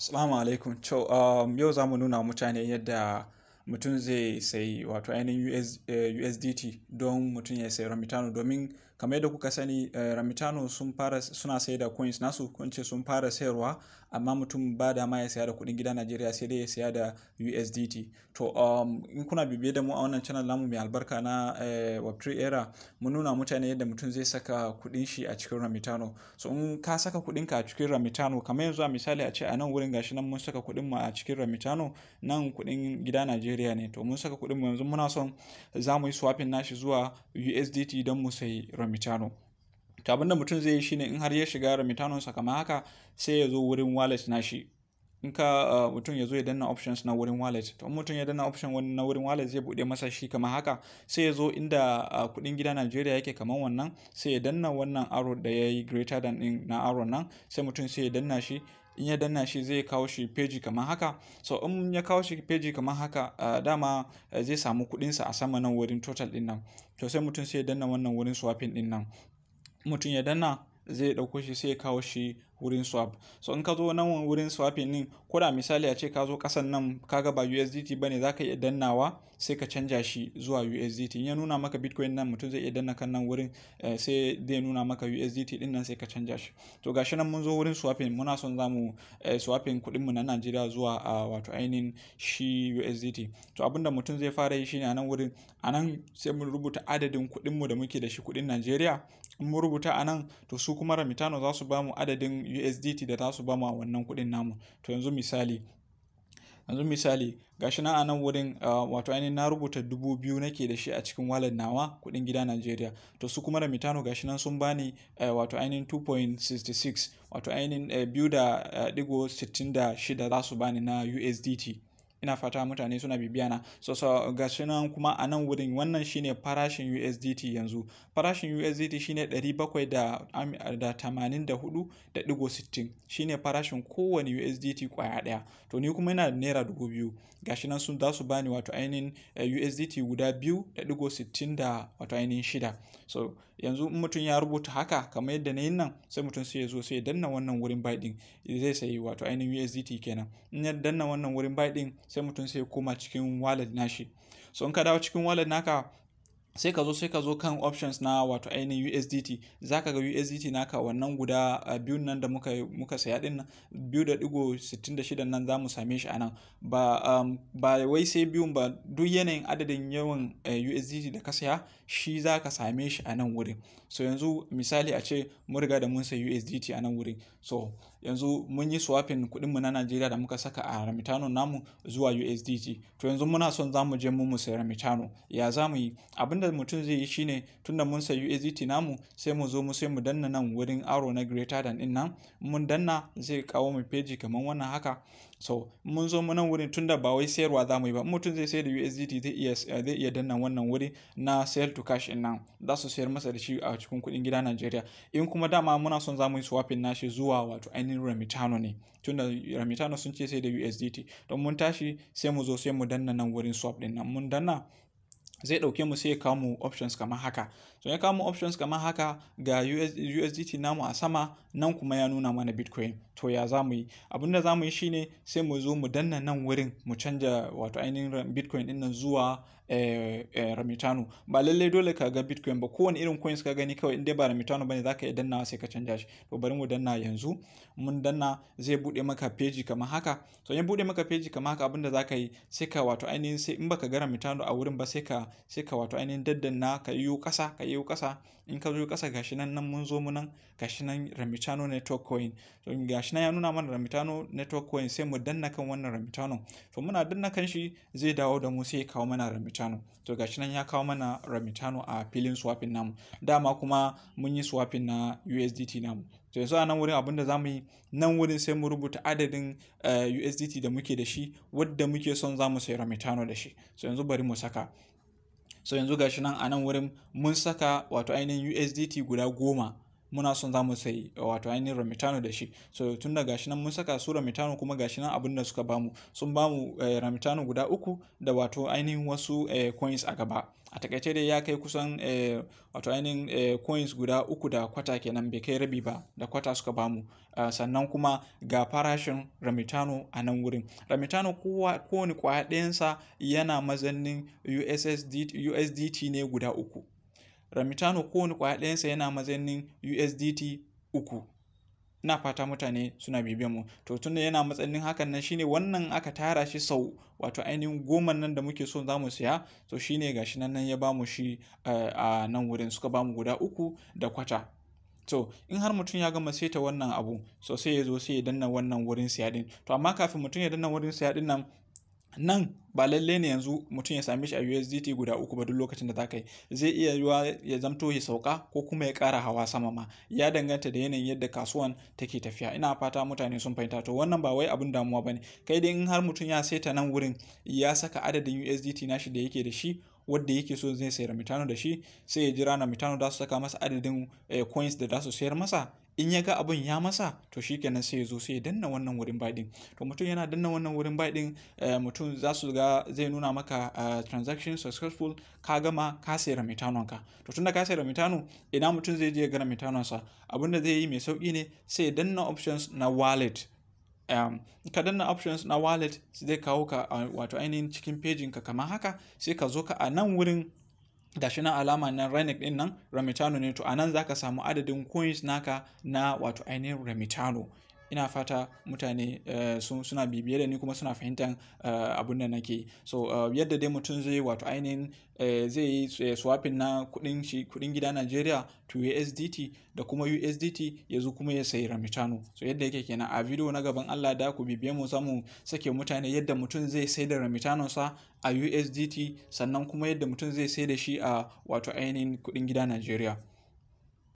Assalamu alaikum. um, yau za mu nuna mutane yadda mutum zai sayi wato ainihin USDT eh, don mutum ya sayi Ramitano domin kamar yadda kuka sani eh, ramitano sun fara suna sai da coins nasu kunce sun fara sayarwa amma mutum ba da ma ya saya da kuɗin gida najeriya sai dai ya saya da usdt to um, in kuna bibiye da mu a wannan channel namu mai albarka na uh, eh, web3 era mun nuna mutane yadda mutum zai saka kuɗin shi a cikin ramitano so in ka saka kuɗin ka a cikin ramitano kamar yanzu a misali a ce a nan wurin gashi nan mun saka kuɗin mu a cikin ramitano nan kuɗin gida najeriya ne to mun saka kuɗin mu yanzu muna son za mu yi swapping nashi zuwa usdt don mu sayi ramitano Ramitano to abinda mutum zai yi shine in har ya shiga Ramitano sa kamar haka sai ya zo wurin wallet nashi in ka uh, mutum ya zo ya danna options na wurin wallet to mutum ya danna option wani na wurin wallet zai bude masa shi kamar haka sai ya zo inda uh, kudin gida Najeriya yake kamar wannan sai ya danna wannan arrow da ya yi greater than din na arrow nan sai mutum sai ya danna shi in ya danna shi zai kawo shi peji kamar haka so in ya kawo shi peji kamar haka dama zai samu sa a sama nan wurin total din nan to sai mutum sai ya danna wannan wurin swapping din nan mutum ya danna zai ɗauko shi sai ya kawo shi wurin swap so in ka zo nan wurin swapping din ko da misali a ce ka zo kasan nan ka kaga ba USDT bane zaka iya dannawa sai ka canja shi zuwa USDT in ya nuna maka Bitcoin nan mutum zai iya danna kan nan wurin eh, sai zai nuna maka USDT din nan sai ka canja shi to gashi nan mun zo wurin swapping muna son zamu eh, swapping kuɗin mu na Najeriya zuwa wato ainihin shi USDT to abinda mutum zai fara yi shine a nan wurin a nan sai mun rubuta adadin kuɗin mu da muke da shi kuɗin Najeriya in mun rubuta a nan to su kuma Ramitano za su bamu adadin USDT da tasu su ba ma wannan kuɗin namu to yanzu misali yanzu misali gashi na a wurin wato ainihin na rubuta dubu biyu nake da shi a cikin wallet nawa kuɗin gida Najeriya to su kuma mitano gashi nan sun bani wato ainihin 2.66 wato ainihin biyu da digo 66 za su bani na USDT ina fata mutane suna bibiyana na so so ga nan kuma a nan wurin wannan shine farashin USDT yanzu farashin USDT shine 784.60 shine farashin kowane USDT kwaya daya to ni kuma ina da naira dubu biyu ga nan sun za su bani wato ainihin eh, USDT guda biyu da digo da wato ainihin shida so yanzu in mutum ya rubuta haka kamar yadda na yin nan sai mutum sai ya zo sai ya danna wannan wurin baiɗin zai sayi wato ainihin USDT kenan in ya danna wannan wurin baiɗin. sai mutum sai koma cikin wallet nashi so in ka dawo cikin wallet naka sai ka zo sai ka zo kan options na wato ainihin USDT za ka ga USDT naka wannan guda ah, biyun nan da muka muka saya din nan biyu da digo sittin da shidan nan za mu same shi a nan ba um, ba wai sai biyun ba duk yanayin adadin yawan uh, eh, USDT da ka saya shi za ka same shi a nan wurin so yanzu misali a ce mun riga da mun sayi USDT a nan wurin so yanzu mun yi swapping kuɗin mu na Najeriya da muka saka a Ramitano namu zuwa USDT to yanzu muna son za mu je mu mu sayi Ramitano ya za mu yi abinda mutum zai yi shine tunda mun sayi USDT namu sai mu zo mu sai mu danna nan wurin aro na greater than din nan mun danna zai kawo mu peji kamar wannan haka so mun zo mu nan wurin tunda ba wai sayarwa za mu yi ba mutum zai sayar da USDT zai iya zai iya danna wannan wuri na sale to cash din nan za su sayar masa da shi a cikin kuɗin gida Najeriya in kuma dama muna son za mu yi swapping nashi zuwa wato ainihin ainihin Ramitano ne tunda Ramitano sun ce sai da USDT don mun tashi sai mu zo sai mu danna nan wurin swap din nan mun danna zai ɗauke mu sai ya kawo mu options kamar haka so ya kamo options kamar haka ga US, USDT namu a sama nan kuma ya nuna mana Bitcoin to ya za mu yi abinda za mu yi shine sai mu zo mu danna nan wurin mu canja wato ainihin Bitcoin din nan zuwa eh, eh, Ramitano ba lallai dole ka ga Bitcoin ba kowane irin coins ka gani kawai inda ba Ramitano bane zaka iya dannawa sai ka canja shi to bari mu danna yanzu mun danna zai bude maka page kamar haka to ya bude maka page kamar haka abinda zaka yi sai ka wato ainihin sai in baka ga Ramitano a wurin ba sai ka sai ka wato ainihin daddanna ka yi kasa ka iyo kasa in ka zo ƙasa gashi nan nan mun zo mu nan gashi nan ramitano network coin to gashi nan ya nuna mana ramitano network coin sai mu danna kan wannan ramitano to muna danna kan shi zai dawo da mu sai ya kawo mana ramitano to gashi nan ya kawo mana ramitano a filin swapping namu dama kuma mun yi swapping na USDT namu to yanzu a nan wurin abinda za mu yi nan wurin sai mu rubuta adadin eh, USDT da muke da shi wadda muke son zamu mu sayi Ramitano da shi so yanzu bari mu saka so yanzu gashi nan a nan wurin mun saka wato ainihin USDT guda goma muna son za mu sai wato ainihin ramitano da shi so tun da gashi nan mun saka su ramitano kuma gashi nan abin da suka bamu sun bamu eh, ramitano guda uku da wato ainihin wasu eh, coins a gaba a takaice dai ya kai kusan eh, wato ainihin coins guda uku da kwata kenan bai kai rabi ba da kwata suka bamu ah, sannan kuma ga farashin ramitano a nan wurin ramitano kowane kwaya ɗayansa yana mazannin ussd usdt ne guda uku ramitano kowane kwaya ɗayansa yana mazanin usdt uku ina fata mutane suna bibiyan mu to tun yana matsayin hakan nan shine wannan aka tara shi sau wato ainihin goma nan da muke so za mu siya to shine gashi nan nan ya bamu shi eh, a nan wurin suka bamu guda uku da kwata to in har mutum ya gama saita wannan abu so sai ya zo sai ya danna wannan wurin siya din to amma kafin mutum ya danna wurin siya din nan nan ba lalle ne yanzu mutum ya same shi a USDT guda uku ba duk lokacin da za ka yi zai iya yiwa ya zamto ya sauka ko kuma ya kara hawa sama ma ya danganta da yanayin yadda kasuwan take tafiya ina fata mutane sun fahimta to wannan ba wai abin damuwa ne kai dai in har mutum ya saita nan wurin ya saka adadin USDT nashi da yake da shi wadda yake so zai sayar mitano da shi sai ya jira na mitano da su saka masa adadin eh, coins da za su sayar masa in ya ga abin ya masa to shi shikenan sai ya zo sai ya danna wannan wurin baɗin to mutum yana danna wannan wurin baɗin eh, mutum za su ga zai nuna maka eh, transaction successful ka gama ka sayar metanon ka to tunda ka sayar metano ina mutum zai je ya gana metanon sa abinda zai yi mai sauki ne sai ya danna options na wallet ehm, ka danna options na wallet zai kawo ka uh, wato ainihin cikin pejin ka kamar haka sai ka zo ka a nan wurin da shi na alama na Renik din nan Ramitano ne to anan zaka samu adadin coins naka na wato ainihin Ramitano ina fata mutane eh, suna bibiye da ni kuma suna fahimtar eh, abin da nake so eh, yadda dai mutum zai wato ainihin zai yi swapping na kudin shi kudin gida Najeriya to USDT da kuma USDT yanzu kuma ya sayi Ramitano so yadda yake kenan a video na gaban Allah da ku bibiye mu samu sake mutane yadda mutum zai sai da Ramitano sa a USDT sannan kuma yadda mutum zai sai da shi a wato ainihin kudin gida Najeriya